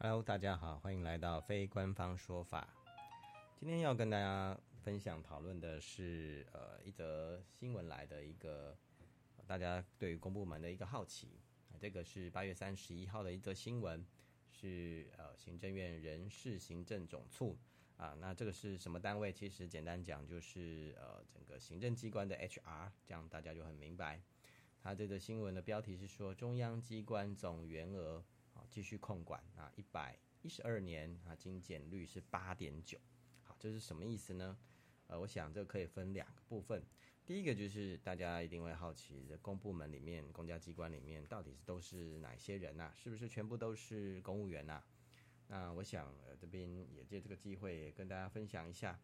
Hello，大家好，歡迎來到非官方說法。今天要跟大家分享討論的是，呃，一則新聞來的，一個大家對公部門的一個好奇。啊，這個是八月三十一號的一則新聞，是呃行政院人事行政總處啊。那這個是什麼單位？其實簡單講就是呃整個行政機關的 HR，這樣大家就很明白。他這個新聞的標題是說中央機關總員額，繼續控管啊，一百一十二年啊，精簡率是八點九，好，這是什麼意思呢？呃，我想這可以分兩個部分。第一個就是大家一定會好奇，這公部門裡面、公家機關裡面，到底是都是哪些人啊？是不是全部都是公務員啊？那我想，呃，這邊也借這個機會也跟大家分享一下。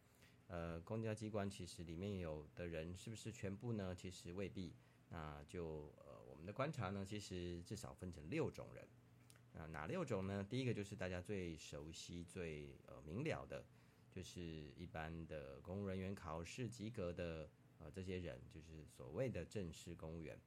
呃，公家機關其實裡面有的人是不是全部呢？其實未必。那、呃、就呃，我們的觀察呢，其實至少分成六種人。那哪六種呢？第一個就是大家最熟悉、最呃明了的，就是一般的公務人員考試及格的呃這些人，就是所謂的正式公務員。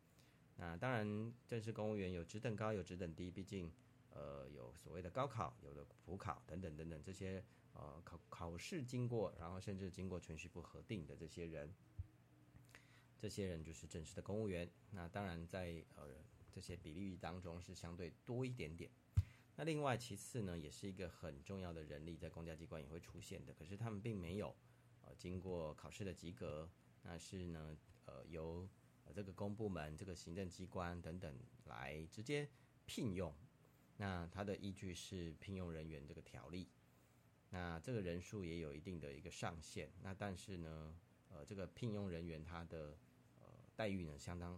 那當然，正式公務員有職等高，有職等低，畢竟呃有所謂的高考、有的普考等等等等這些呃考考試經過，然後甚至經過銓敘部核定的這些人，這些人就是正式的公務員。那當然在呃。這些比例當中是相對多一點點。那另外其次呢，也是一個很重要的人力，在公家機關也會出現的。可是他們並沒有呃經過考試的及格，那是呢呃由這個公部門、這個行政機關等等來直接聘用。那它的依據是聘用人員這個條例。那這個人數也有一定的一個上限。那但是呢，呃，這個聘用人員他的呃待遇呢，相當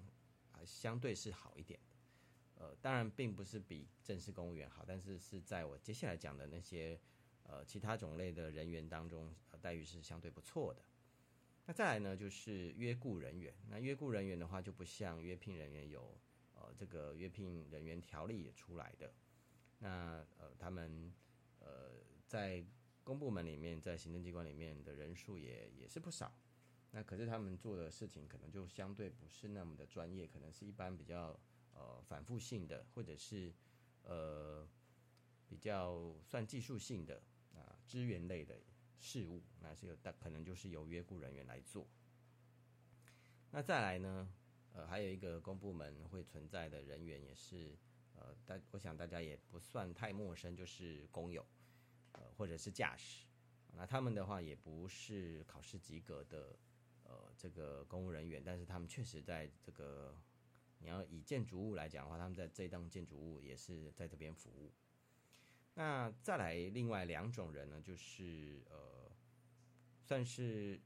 啊相對是好一點。呃，當然並不是比正式公務員好，但是是在我接下來講的那些，呃，其他種類的人員當中，呃，待遇是相對不錯的。那再來呢，就是約僱人員。那約僱人員的話，就不像約聘人員有，呃，這個約聘人員條例也出來的。那呃，他們呃，在公部門裡面，在行政機關裡面的人數也也是不少。那可是他們做的事情可能就相對不是那麼的專業，可能是一般比較。呃，反覆性的或者是呃比較算技術性的啊，支援類的事務，那是有，但可能就是由約僱人員來做。那再來呢，呃，還有一個公部門會存在的人員也是呃，大我想大家也不算太陌生，就是工友呃或者是駕駛，那他們的話也不是考試及格的呃這個公務人員，但是他們確實在這個。你要以建築物來講的話，他們在這棟建築物也是在這邊服務。那再來另外兩種人呢，就是呃，算是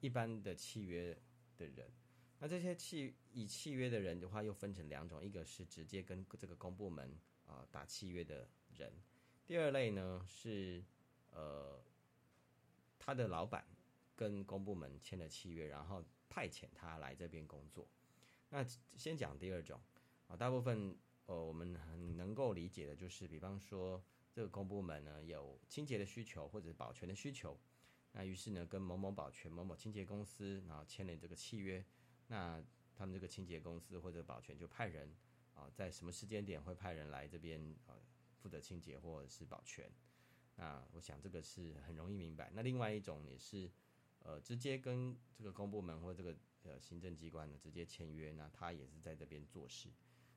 一般的契約的人。那這些契以契約的人的話，又分成兩種，一個是直接跟這個公部門啊、呃、打契約的人，第二類呢是呃，他的老闆跟公部門簽了契約，然後派遣他來這邊工作。那先講第二種啊、呃，大部分呃我們很能夠理解的就是，比方說這個公部門呢有清潔的需求或者保全的需求，那於是呢跟某某保全、某某清潔公司然後簽了這個契約，那他們這個清潔公司或者保全就派人啊、呃、在什麼時間點會派人來這邊啊負責清潔或者是保全，那我想這個是很容易明白。那另外一種也是呃直接跟這個公部門或者這個。呃，行政機關呢，直接簽約，那他也是在這邊做事，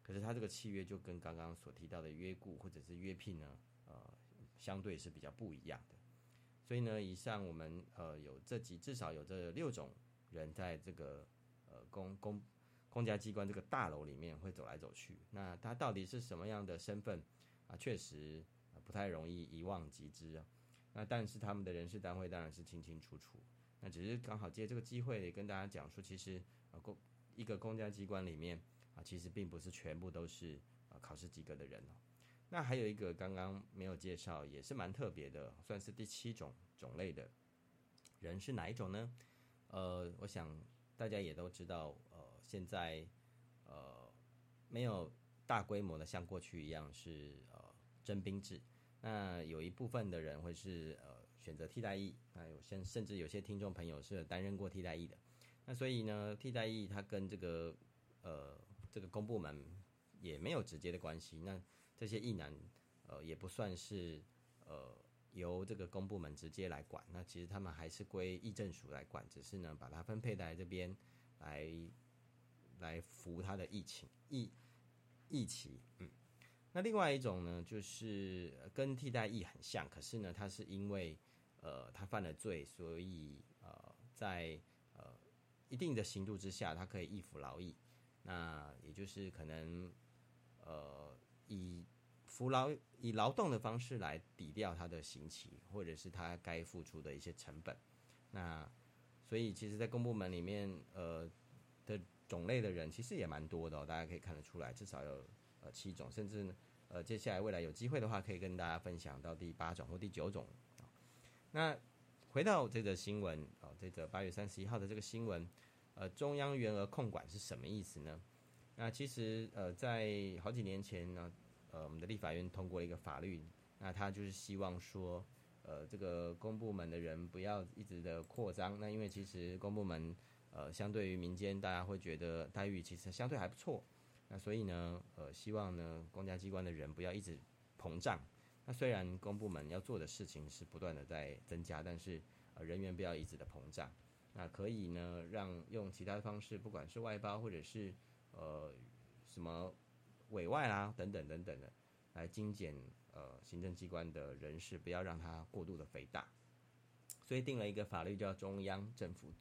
可是他這個契約就跟剛剛所提到的約雇或者是約聘呢，呃，相對是比較不一樣的。所以呢，以上我們呃有這幾，至少有這六種人，在這個呃公公公家機關這個大樓裡面會走來走去。那他到底是什麼樣的身份啊？確實不太容易一望即知啊。那但是他們的人事單位當然是清清楚楚。那只是剛好借這個機會跟大家講說，其實公一個公家機關裡面啊，其實並不是全部都是考試及格的人哦。那還有一個剛剛沒有介紹，也是蠻特別的，算是第七種種類的人是哪一種呢？呃，我想大家也都知道，呃，現在呃沒有大規模的像過去一樣是呃徵兵制，那有一部分的人會是呃。選擇替代役。哎，有甚甚至有些聽眾朋友是擔任過替代役的。那所以呢，替代役他跟這個呃這個公部門也沒有直接的關係，那這些役男呃也不算是呃由這個公部門直接來管，那其實他們還是歸役政署來管，只是呢把它分配在這邊來來服他的役期役役期，嗯。那另外一種呢，就是跟替代役很像，可是呢，他是因為，呃，他犯了罪，所以呃，在呃一定的刑度之下，他可以易服勞役，那也就是可能，呃，以服勞以勞動的方式來抵掉他的刑期，或者是他該付出的一些成本。那所以，其實，在公部門裡面，呃的種類的人其實也蠻多的哦，大家可以看得出來，至少有。七種，甚至呢呃，接下來未來有機會的話，可以跟大家分享到第八種或第九種。哦，那回到這個新聞啊，哦，這個八月三十一號的這個新聞，呃，中央員額控管是什麼意思呢？那其實呃，在好幾年前呢，呃，我們的立法院通過了一個法律，那他就是希望說，呃，這個公部門的人不要一直的擴張，那因為其實公部門呃，相對於民間，大家會覺得待遇其實相對還不錯。那所以呢，呃，希望呢，公家機關的人不要一直膨脹。那雖然公部門要做的事情是不斷的在增加，但是，呃，人員不要一直的膨脹。那可以呢，讓用其他方式，不管是外包或者是呃什麼委外啊等等等等的，來精簡呃行政機關的人事，不要讓它過度的肥大。所以定了一個法律叫《中央政府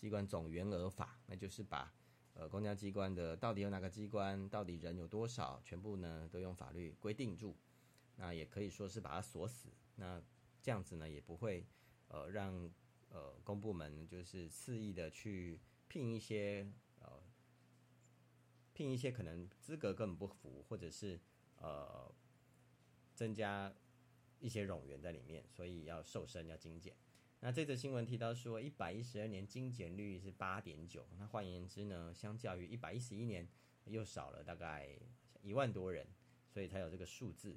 機關總員額法》，那就是把。呃，公家機關的到底有哪個機關？到底人有多少？全部呢，都用法律規定住，那也可以說是把它鎖死。那這樣子呢也不會，呃，讓呃公部門就是肆意的去聘一些呃聘一些可能資格根本不符，或者是呃增加一些冗員在裡面，所以要瘦身，要精簡。那這則新聞提到說，一百一十二年精簡率是八點九，那換言之呢，相較於一百一十一年又少了大概一萬多人，所以才有這個數字。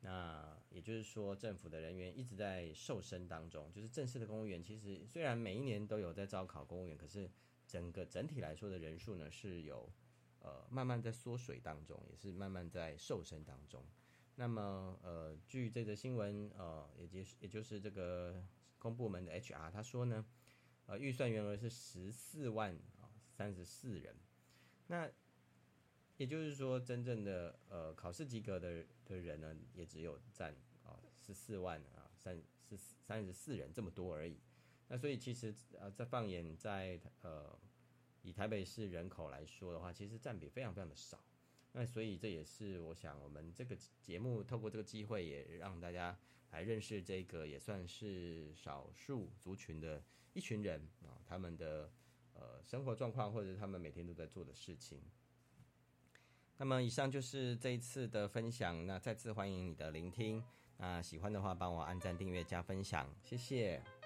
那也就是說，政府的人員一直在瘦身當中，就是正式的公務員，其實雖然每一年都有在招考公務員，可是整個整體來說的人數呢是有呃慢慢在縮水當中，也是慢慢在瘦身當中。那麼呃，據這則新聞呃，也就是也就是這個。公部門的 HR 他說呢，呃，預算員額是十四萬啊三十四人，那也就是說，真正的呃考試及格的的人呢，也只有佔、哦、啊十四萬啊三十四三十四人這麼多而已。那所以其實呃在放眼在呃以台北市人口來說的話，其實佔比非常非常的少。那所以這也是我想我們這個節目透過這個機會，也讓大家來認識這個也算是少數族群的一群人啊，他們的呃生活狀況或者他們每天都在做的事情。那麼以上就是這一次的分享，那再次歡迎你的聆聽。那喜歡的話幫我按讚、訂閱、加分享，謝謝。